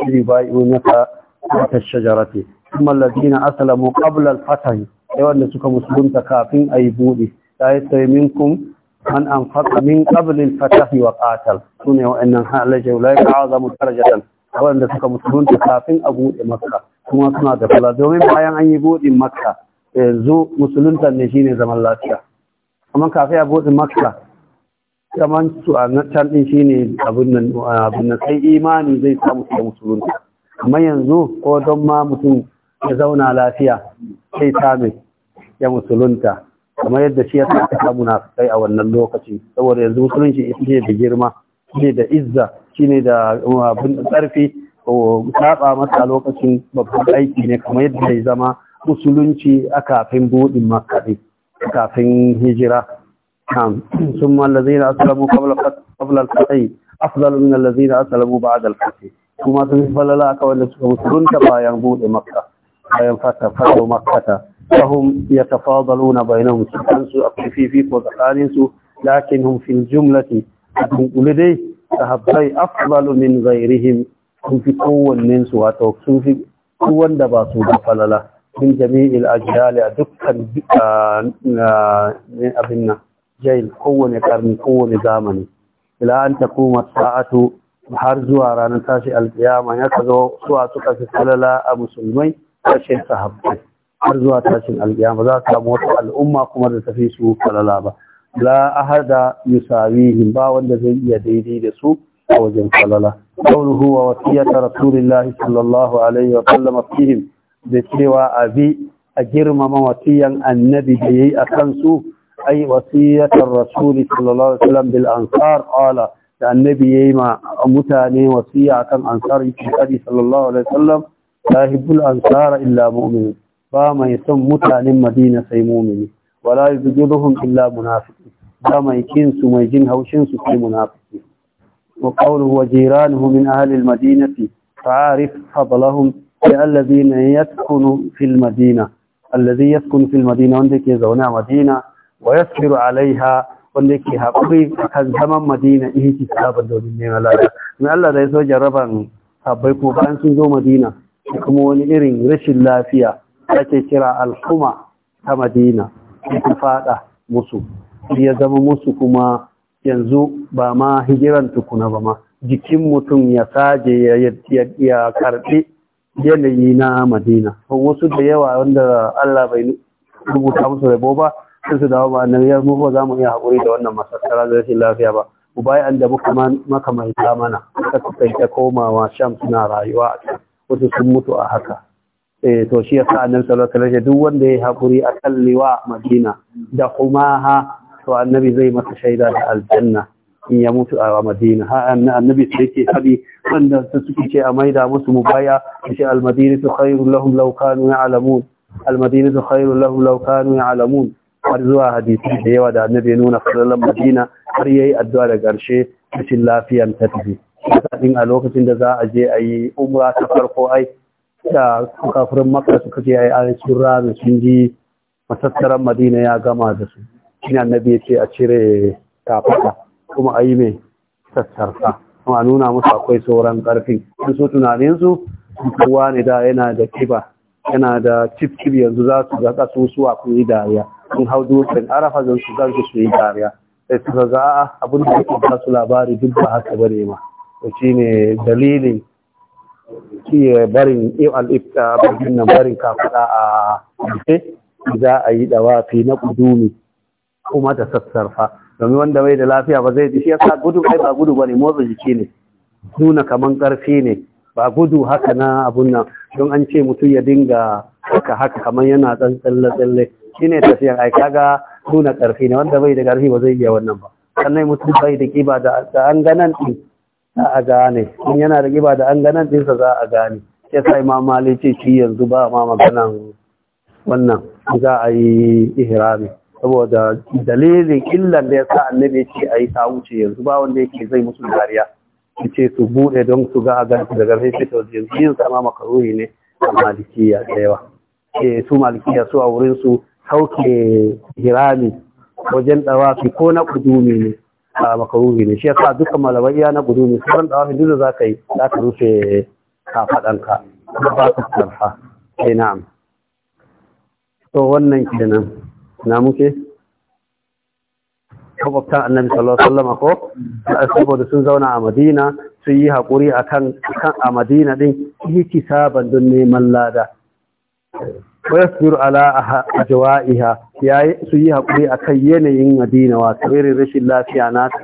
idh yubayyi'unaka tahta ash-shajarati thumma alladhina aslamu qabla al-fath sai suka musulunta kafin ayi bude sai sai minkum man anfaqa min qabl al wa qatal sune wa'annan halaje ulaika azamu darajatan wanda suka musulunta kafin a buɗe makka kuma suna da fala domin bayan an yi makka yanzu musulunta ne shine zaman lafiya kamar kafin a bude makka kamar su a can ɗin shi ne abin nan sai imani zai samu su da musulunci amma yanzu ko don ma mutum ya zauna lafiya sai sami ya musulunta kamar yadda shi ya saka samu na kai a wannan lokaci saboda yanzu musulunci ne da girma um, ne da izza shine da abin ko saba masa lokacin babban aiki ne kamar yadda ya zama musulunci a kafin buɗin makaɗi kafin hijira ثم الذين أسلموا قبل قبل الفتح أفضل من الذين أسلموا بعد الفتح kuma sun falala aka wanda suka musulunta bayan buɗe makka bayan fata fato makkata fahum yatafadaluna bainahum sukan su akwai fifiko tsakanin su lakin hum fil jumlati a dunkule dai sahabbai afdalu min ghairihim sun fi kowannen su wato sun fi wanda ba su da falala min jami'il ajiyali a dukkan abin nan jail kowane karni kowane zamani ila kuma sa'atu har zuwa ranar tashi alkiyama ya ka zo suwa suka fi salala a musulmai kashe sahabbai har zuwa tashin alkiyama za ka samu wata al'umma kuma da tafi su falala ba la ahada yusawihim ba wanda zai iya daidai da su a wajen falala qawluhu wa wasiyata rasulillahi sallallahu alaihi wa sallam fihim da cewa a bi a girmama wasiyan annabi da yayi a kansu ai wasiyatar rasuli sallallahu alaihi wasallam bil ansar ala da annabi yayi ma mutane wasiya akan ansar yake sallallahu alaihi wasallam sahibul ansar illa mu'min ba mai son mutanen madina sai mu'mini wala yuzgiruhum illa munafiqin ba mai kin su mai jin haushin su sai munafiki wa qawluhu wa jiranuhu min ahli al-madinati fa'arif fadlahum sai allazi ne yaskunu fil yaskunu fil madina wanda ke zaune a madina wa yasbiru alaiha wanda ke haƙuri kan zaman madina ihti sabon domin neman lada mai Allah da ya so jarraban sabbai ko bayan sun madina kuma wani irin rashin lafiya ake kira al'umma ta madina ta fada musu ya zama musu kuma yanzu ba ma hijiran tukuna ba ma jikin mutum ya saje ya karɓi yanayi na madina wasu da yawa wanda allah bai rubuta musu rabo ba sun su dawo ba nan ya mu ba za mu iya haƙuri da wannan masakara da rashin lafiya ba mu baya da muka maka mana, mana ka kai ta komawa sham suna rayuwa a can wasu sun mutu a haka eh to shi yasa annabi sallallahu alaihi wasallam duk wanda ya haƙuri a kalliwa madina da kuma ha to annabi zai masa shaida da aljanna in ya mutu a madina annabi sai ke faɗi wanda su suke ce a maida musu mubaya shi almadina su khairun lahum law kanu ya'lamun almadina su khairun lahum law kanu ya'lamun har zuwa hadisi da yawa da annabi ya nuna fadalan madina har yayi addu'a da ƙarshe cikin lafiyan ta tafi din a lokacin da za a je a yi umra ta farko ai da kafirin makka suka je ai an sun rami sun ji masassaran madina ya gama da su shi annabi ya ce a cire kafaka kuma a yi mai sassarfa kuma nuna musu akwai sauran ƙarfin. in su tunaninsu kowa ne da yana da kiba yana da cif yanzu za su ga ƙasusuwa kun yi dariya sun hau dutsen arafa zan su zan su yi dariya sai su ga a abin da ke ba su labari duk ba haka bane ma shi shine dalilin kiye barin al'ibta barin kafaɗa a za a yi dawafi na kudumi kuma da sassarfa domin wanda bai da lafiya ba zai shi yasa gudu ai ba gudu bane motsa jiki ne nuna kaman karfi ne ba gudu haka na abun nan don an ce mutum ya dinga haka haka kaman yana dan tsalle tsalle shine tafiyan ai kaga nuna karfi ne wanda bai da karfi ba zai iya wannan ba sannan mutum bai da kiba da an ganan din a gane in yana da kiba da an ganan sa za a gane ya sa imam malik ce shi yanzu ba ma maganan wannan za a yi ihrami saboda dalilin illan da ya sa annabi ce a yi ta wuce yanzu ba wanda yake zai musu dariya su ce su bude don su ga a da garfe fita yanzu yin sama makaruhi ne a malikiya da yawa eh, su malikiya su a wurin su sauke hirami wajen dawafi ko na kudumi ne a makaruhi ne shi yasa dukkan malamai ya na kudumi ran dawafi duk da za ka yi za ka rufe kafaɗanka ba ka karfa sai eh, na'am to wannan kenan na muke makwabtan annabi sallallahu alaihi wasallam ko saboda sun zauna a madina sun yi hakuri akan kan a madina din ihtisaban don neman lada ko yasbiru ala ajwa'iha yayi su yi hakuri akan yanayin madina wa irin rashin lafiya na ta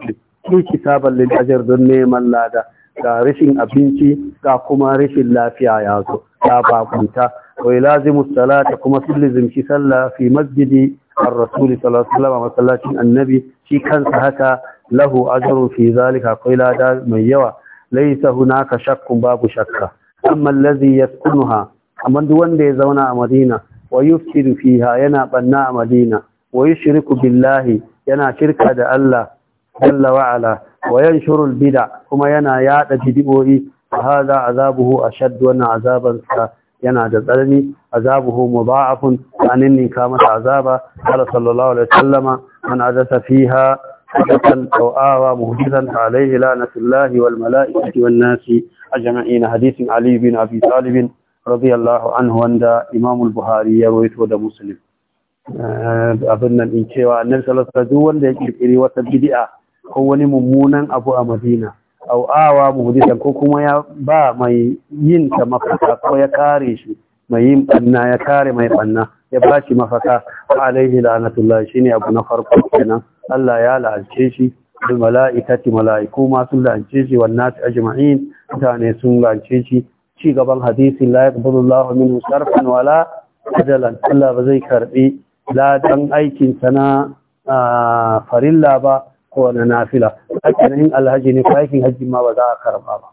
ihtisaban lil ajr don neman lada ga rashin abinci ga kuma rashin lafiya ya zo ta bakunta wai lazimu salata kuma sun lizimci sallah fi masjidi an rasuli sallallahu alaihi masallacin annabi shi kansa haka lahu ajrun fi zalika akwai lada mai yawa laysa hunaka shakkun babu shakka amma allazi yaskunuha amma duk wanda ya zauna a madina wa yufsidu fiha yana banna a madina Wayushiriku billahi yana shirka da Allah jalla Wayan ala wa yanshuru bid'a kuma yana yada bid'o'i hada azabuhu ashad wa azaban sa yana da tsarni azabuhu mudha'afun anin ni ka masa azaba qala sallallahu alaihi wasallama man adasa fiha hadathan aw awa muhdithan alayhi la'natullahi wal mala'ikati wan nasi ajma'in hadithin ali bin abi talib radiyallahu anhu wanda imam al-buhari ya rawaito da muslim eh, abin nan in cewa annabi sallallahu alaihi wanda ya kirkiri wata bid'a ko wani mummunan abu a madina au awa muhdisan ko kuma ya ba mai yin ta mafaka ko ya kare shi mai yin banna ya kare mai banna ya ba shi mafaka alaihi shi shine abu na farko kenan Allah ya la'alce shi bil mala'ikati mala'iku ma sun la'alce shi wan nas ajma'in mutane sun la'alce shi ci gaban hadisi la yaqbalu Allahu minhu sarfan wala ajalan Allah ba zai karbi ladan aikin na ah, farilla ba kowane na nafila hakan in alhaji ne aikin hajji ma ba za a karba ba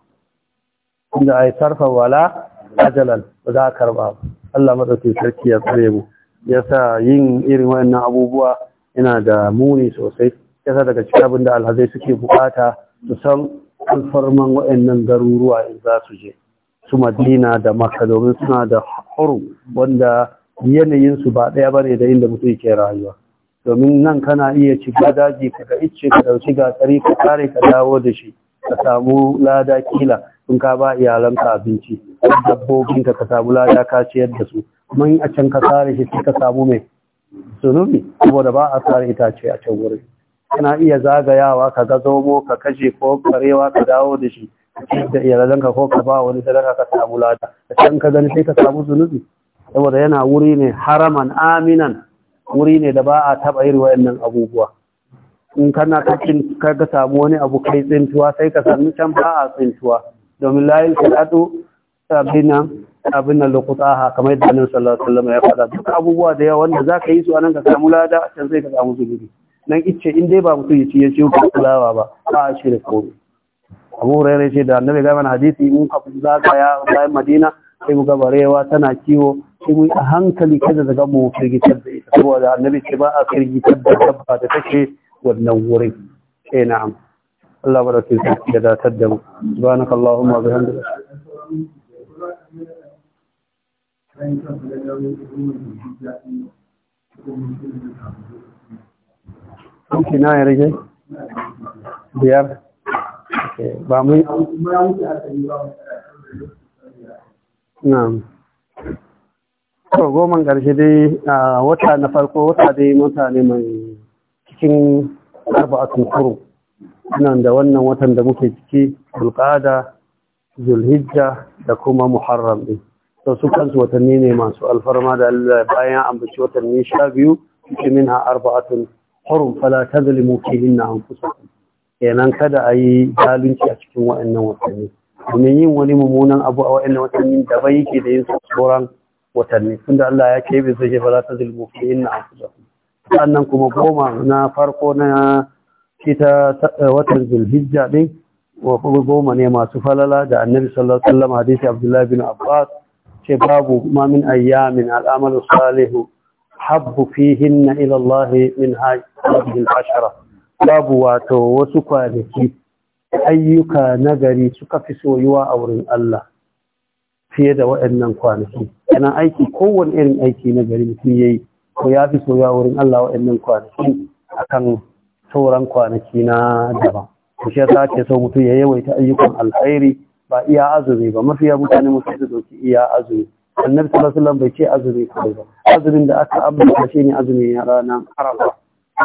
inda yi sarfa wala ajalan ba za a karba ba Allah madaukakin sarki ya tsare mu Ya sa yin irin wayannan abubuwa yana da muni sosai Ya sa daga cikin abin da alhazai suke bukata su san alfarman wayannan garuruwa in za su je su madina da maka domin suna da haƙuru wanda yanayinsu ba ɗaya bane da inda mutum ke rayuwa domin nan kana iya shiga daji ka ga icce ka ɗauki gasari ka kare ka dawo da shi ka samu lada kila in ka ba iyalanka abinci dabbobin ka ka samu lada ka ciyar da su man a can ka sare shi sai ka samu mai zunubi saboda ba a sare itace a can wurin kana iya zagayawa ka ga zomo ka kashe ko karewa ka dawo da shi da iyalanka ko ka ba wani sadaka ka samu lada a can ka gani sai ka samu zunubi saboda yana wuri ne haraman aminan wuri ne da ba a taɓa irin wayannan abubuwa in kana kacin ka samu wani abu kai tsintuwa sai ka sami can ba a tsintuwa domin layin shaɗaɗo sabinan abin nan lokutaha kamar yadda annabi sallallahu alaihi wasallam ya faɗa duk abubuwa da yawa wanda ka yi su anan ka samu lada a can sai ka samu zubiri nan ice in dai ba mutum ya ci ya ciwo kulawa ba ba a shi da komai Abu ce da annabi ga mana hadisi mun ka ya bayan Madina sai mu ga barewa tana kiwo sai mu a hankali kada da gamu firgitar da ita saboda annabi ce ba a firgitar da dabba da take wannan wurin eh na'am Allah barakin sarki da datar da mu subhanaka allahumma bihamdika Kuki na ya rage? Biyar? Ba mu yi? Na'am. to goman ƙarshe dai a wata na farko wata dai mutane mai cikin arba'atun kuro nan da wannan watan da muke ciki zulqada zulhijja da kuma muharram din to su kansu watanni ne masu alfarma da Allah bayan ambaci watanni sha biyu cikin minha arba'atun hurum fala na an kusa. kenan kada a yi zalunci a cikin wa'annan watanni domin yin wani mummunan abu a wa'annan watanni da bai yake da yin sauran watanni tunda Allah ya kebe zai ke fara ta zilmu fi inna anfusakum sannan kuma goma na farko na ita watan zulhijja din wa kuma goma ne masu falala da annabi sallallahu alaihi wasallam hadisi abdullahi bin abbas ce babu ma min ayyamin al'amalu salihu habbu fihinna ila Allah min hadhihi ashara babu wato wasu kwanaki ayyuka nagari suka fi soyuwa a wurin Allah fiye da waɗannan kwanaki yana aiki kowane irin aiki na gari mutum ya yi ko ya fi soya wurin Allah waɗannan kwanaki akan sauran kwanaki na daban ku shi yasa ake so mutum ya yawaita ayyukan alkhairi ba iya azumi ba mafiya mutane mutum su dauki iya azumi annabi sallallahu alaihi bai ce azumi kawai ba azumin da aka ambata shi ne azumi na ranar arafa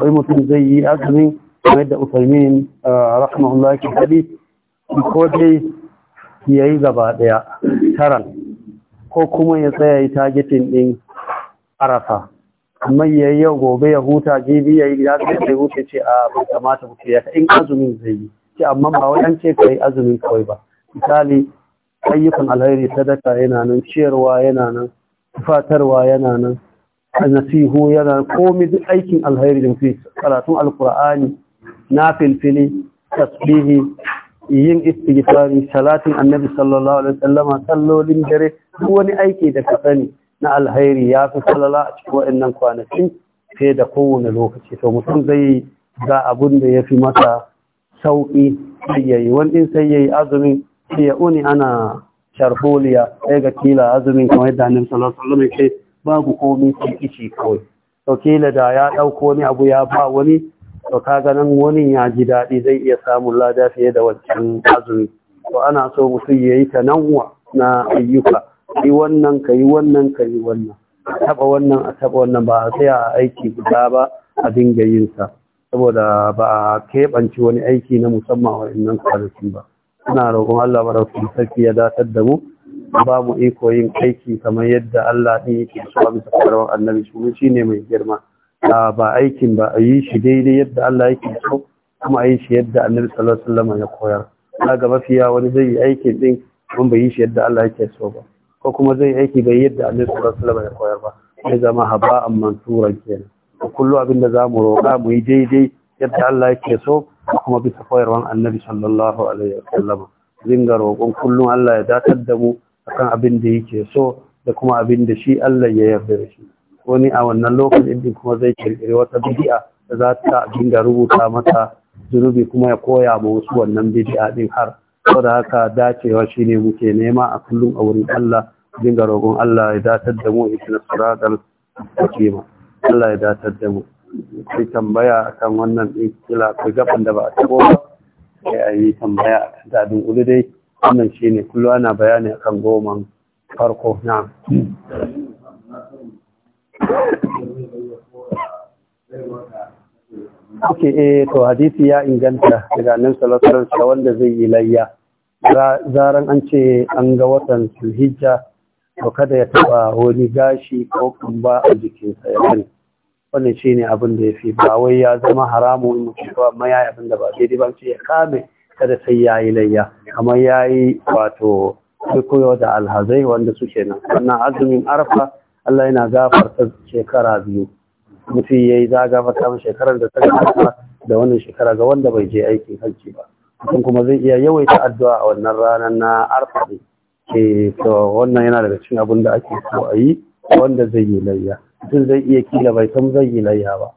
wai mutum zai yi azumin kamar da usaimin eh, rahmatullahi ke ko dai ya yi gaba ɗaya taran ko kuma ya tsaya yi targetin ɗin arafa amma ya yi yau gobe ya huta jibi ya yi ya zai huta ce a bai kamata mutu ya in azumin zai yi ce amma ba wajen ce ka yi azumin kawai ba misali ayyukan alheri sadaka yana nan ciyarwa yana nan fatarwa yana nan nasihu yana komi duk aikin alheri da mutu karatun alkur'ani na filfili tasbihi yin istighfari salatin annabi sallallahu alaihi wasallam sallolin dare wani aiki da ka sani na alheri ya fi salala a cikin waɗannan kwanaki sai da kowane lokaci to mutum zai ga abun da ya fi masa sauƙi sai yayi wani sai yayi azumin sai ya uni ana sharholiya sai ga kila azumin kamar yadda annabi sallallahu alaihi wasallam babu komai sai kici kawai to kila da ya ɗauko wani abu ya ba wani to ka ganin wani ya ji daɗi zai iya samun lada fiye da wancan azumi to ana so mutum ya yi wa, na ayyuka yi wannan ka yi wannan ka yi wannan a taɓa wannan a taɓa wannan ba sai a aiki guda ba a dinga yin saboda ba a keɓanci wani aiki na musamman wa innan kwanaki ba ina roƙon Allah maraukin sarki ya datar da mu ba mu iko yin aiki kamar yadda Allah ɗin yake so a bisa annabi shi ne mai girma ba aikin ba a yi shi daidai yadda Allah yake so kuma a yi shi yadda annabi sallallahu alaihi wasallam ya koyar kaga mafiya wani zai yi aiki din kuma bai yi shi yadda Allah yake so ba ko kuma zai aiki bai yadda annabi sallallahu alaihi wasallam ya koyar ba sai zama an mansura kenan kullu abin da zamu roƙa mu yi daidai yadda Allah yake so kuma bisa koyarwan annabi sallallahu alaihi wasallam dinga roƙon kullum Allah ya datar da mu akan abin da yake so da kuma abin da shi Allah ya yarda da shi wani a wannan lokacin din kuma zai kirkiri wata bidi'a da za ta dinga rubuta mata zunubi kuma ya koya ma wasu wannan bidi'a din har da haka dacewa shine muke nema a kullum a wurin Allah dinga rogon Allah ya datar da mu ikin siratal mustaqima Allah ya datar da mu sai tambaya akan wannan din kila ko gaban da ba a tabo ba sai a yi tambaya akan dadin ulu dai wannan shine kullu ana bayani akan goman farko na. Oke, eh, to hadisi ya inganta daga nan salatar wanda zai yi layya. Zaran an ce an ga watan Zulhijja to kada ya taba wani gashi ko kumba a jikinsa ya bari. Wannan shine abin da yafi ba wai ya zama haramu in mutum ba ya abin da ba daidai ba ce ya kame kada sai ya yi layya kamar yayi wato koyo da alhazai wanda suke nan. Wannan azumin Arfa Allah yana gafarta shekara biyu. mutum ya yi zaga mata shekarar da ta gabata da wannan shekara ga wanda bai je aikin hajji ba mutum kuma zai iya yawaita addu'a a wannan ranar na arfa ke eh, to wannan yana daga cikin abin da ake so a yi wanda zai yi layya mutum zai iya kila bai san zai yi layya ba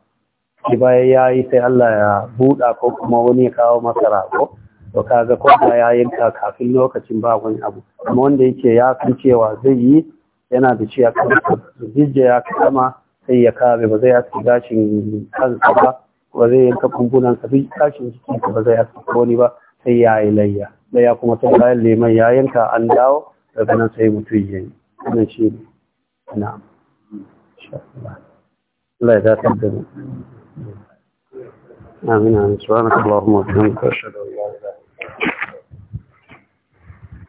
shi baya ya yi sai Allah ya buɗa ko kuma wani ya kawo masa ko to kaga ko da ya yanka kafin lokacin ba wani abu kuma wanda yake ya san cewa zai yi yana da ciya kan ya kama sai ya kare ba zai aske gashin kansa ba ba zai yanka kumbunansa duk gashin jikinsa ba zai aske wani ba sai ya yi layya layya kuma ta bayan leman ya yanka an dawo daga nan sai mutum ya yi wannan shi ne na'am Allah ya dace da mu آمين آمين سبحانك اللهم وبحمدك أشهد أن لا إله إلا أنت